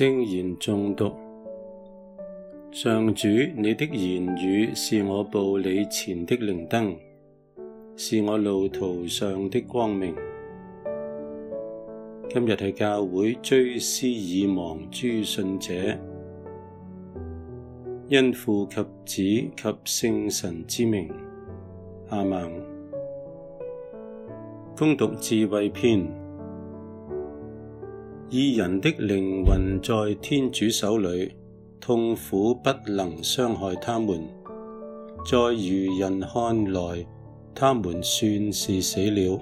聖言誦讀，上主，你的言語是我步你前的靈燈，是我路途上的光明。今日係教會追思已亡諸信者，因父及子及聖神之名，阿們。恭讀智慧篇。義人的靈魂在天主手裏，痛苦不能傷害他們。在愚人看來，他們算是死了，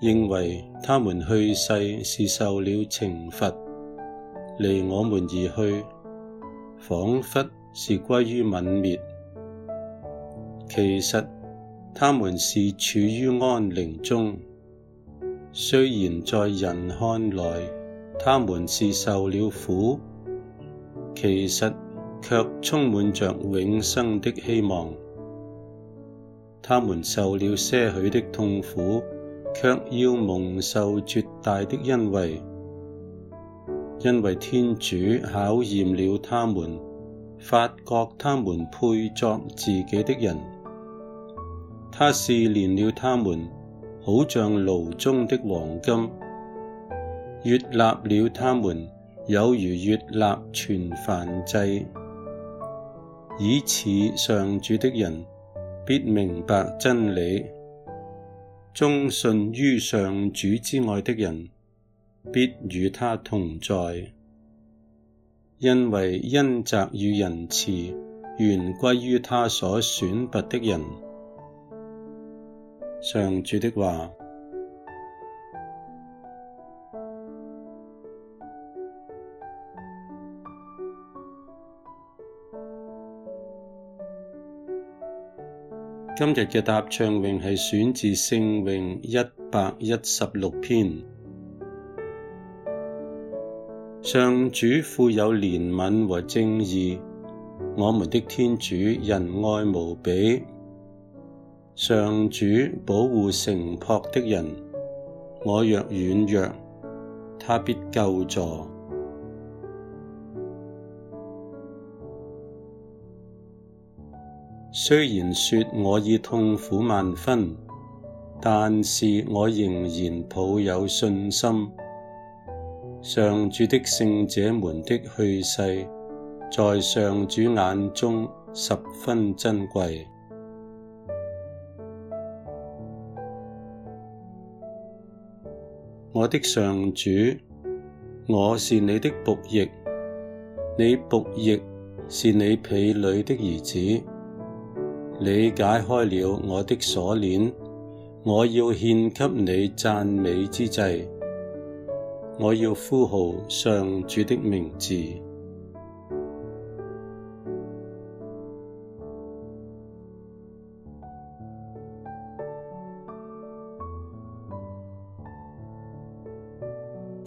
認為他們去世是受了懲罰，離我們而去，仿佛是歸於泯滅。其實，他們是處於安寧中。雖然在人看來，他們是受了苦，其實却充滿着永生的希望。他們受了些許的痛苦，却要蒙受絕大的恩惠，因為天主考驗了他們，發覺他們配作自己的人，他試煉了他們。好像爐中的黃金，悅納了他們，有如悅納全燔祭。倚恃上主的人，必明白真理，忠信於上主之愛的人，必與他同在，因為恩澤與仁慈，原歸於他所選拔的人。上主的話。今日嘅答唱詠係選自聖詠一百一十六篇。上主富有憐憫和正義，我們的天主仁愛無比。上主保護誠樸的人，我若軟弱，他必救助。雖然說我已痛苦萬分，但是我仍然抱有信心。上主的聖者們的去世，在上主眼中十分珍貴。我的上主，我是你的僕役，你僕役是你婢女的兒子，你解開了我的鎖鏈，我要獻給你讚美之祭，我要呼號上主的名字。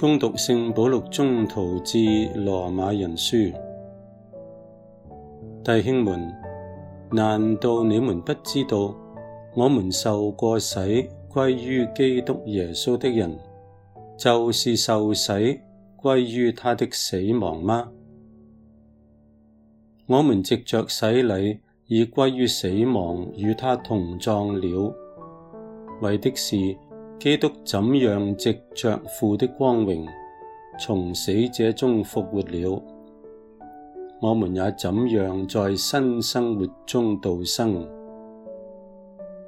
恭讀聖保祿宗徒致羅馬人書，弟兄們，難道你們不知道，我們受過洗歸於基督耶穌的人，就是受洗歸於他的死亡嗎？我們藉着洗禮已歸於死亡，與他同葬了，為的是。基督怎樣藉着父的光榮，從死者中復活了，我們也怎樣在新生活中度生。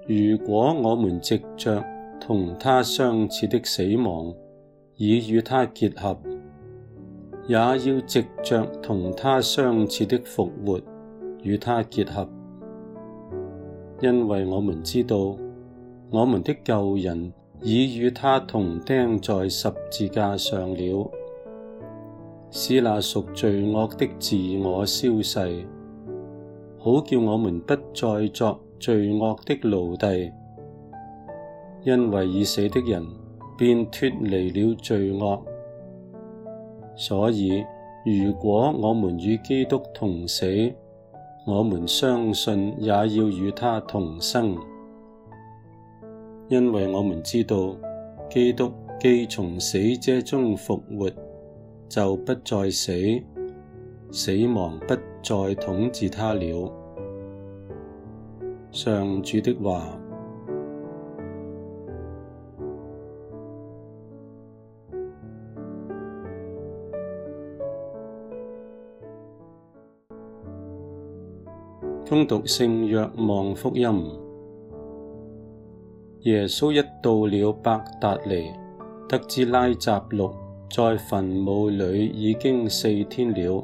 如果我們藉着同他相似的死亡，已與他結合，也要藉着同他相似的復活與他結合，因為我們知道，我們的舊人。已與他同釘在十字架上了，使那屬罪惡的自我消逝，好叫我們不再作罪惡的奴隸。因為已死的人便脱離了罪惡，所以如果我們與基督同死，我們相信也要與他同生。因為我們知道，基督既從死者中復活，就不再死，死亡不再統治他了。上主的話。恭讀聖若望福音。耶穌一到了伯達尼，得知拉匝祿在墳墓裏已經四天了。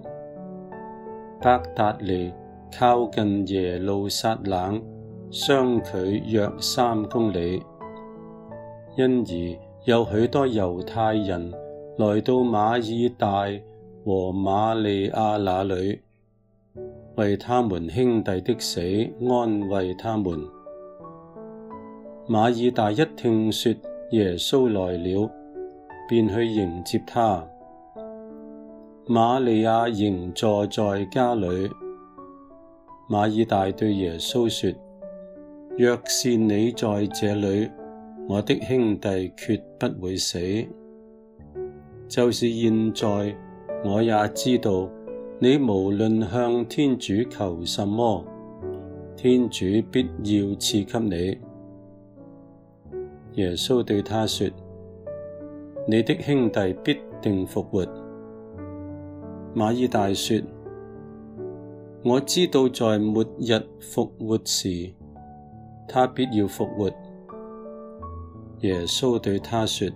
伯達尼靠近耶路撒冷，相距約三公里，因而有許多猶太人來到馬爾大和馬利亞那裏，為他們兄弟的死安慰他們。馬爾大一聽說耶穌來了，便去迎接他。瑪利亞仍坐在家裏。馬爾大對耶穌說：「若是你在這裏，我的兄弟決不會死！就是現在，我也知道，你無論向天主求什麼，天主必要賜給你。」耶穌對他說：你的兄弟必定復活。馬爾大說：我知道在末日復活時，他必要復活。耶穌對他說：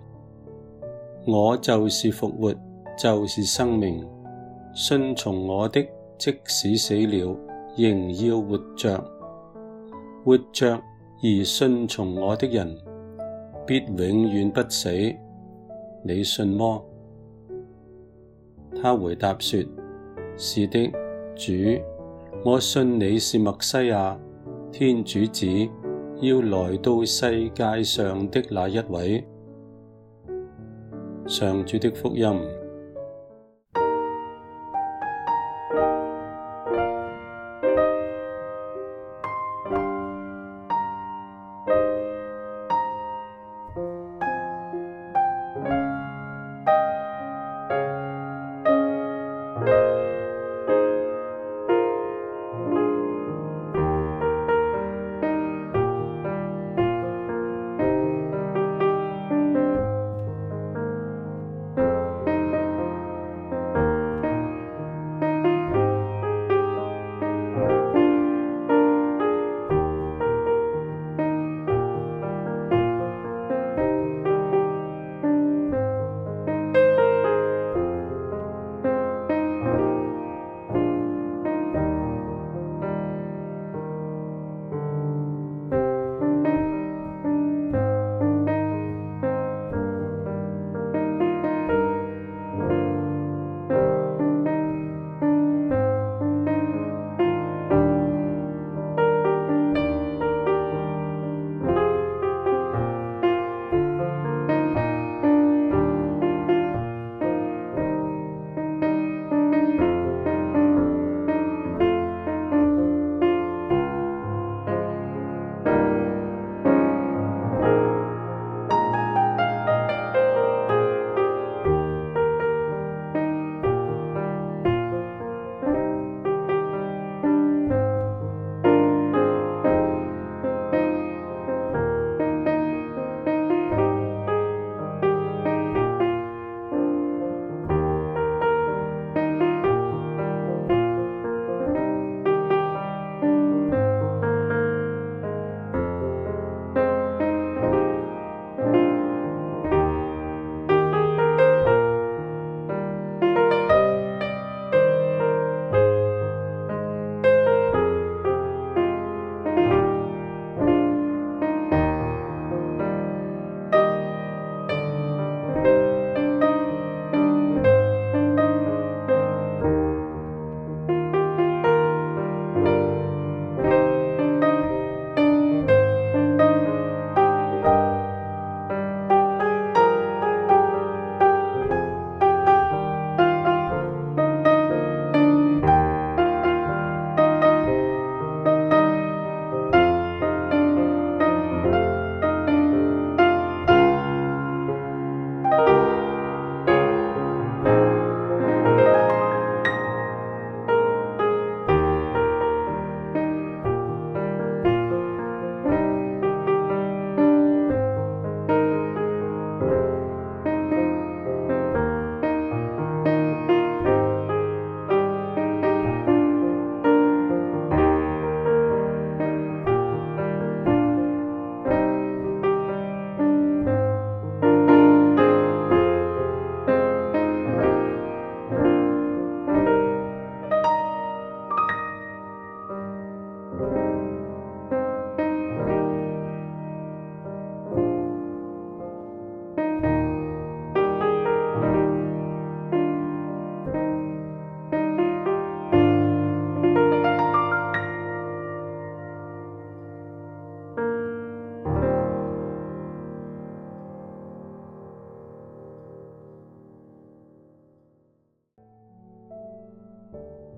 我就是復活，就是生命。信從我的，即使死了，仍要活着；活着而信從我的人。必永遠不死，你信麼？他回答說：是的，主，我信你是默西亞，天主子，要來到世界上的那一位。上主的福音。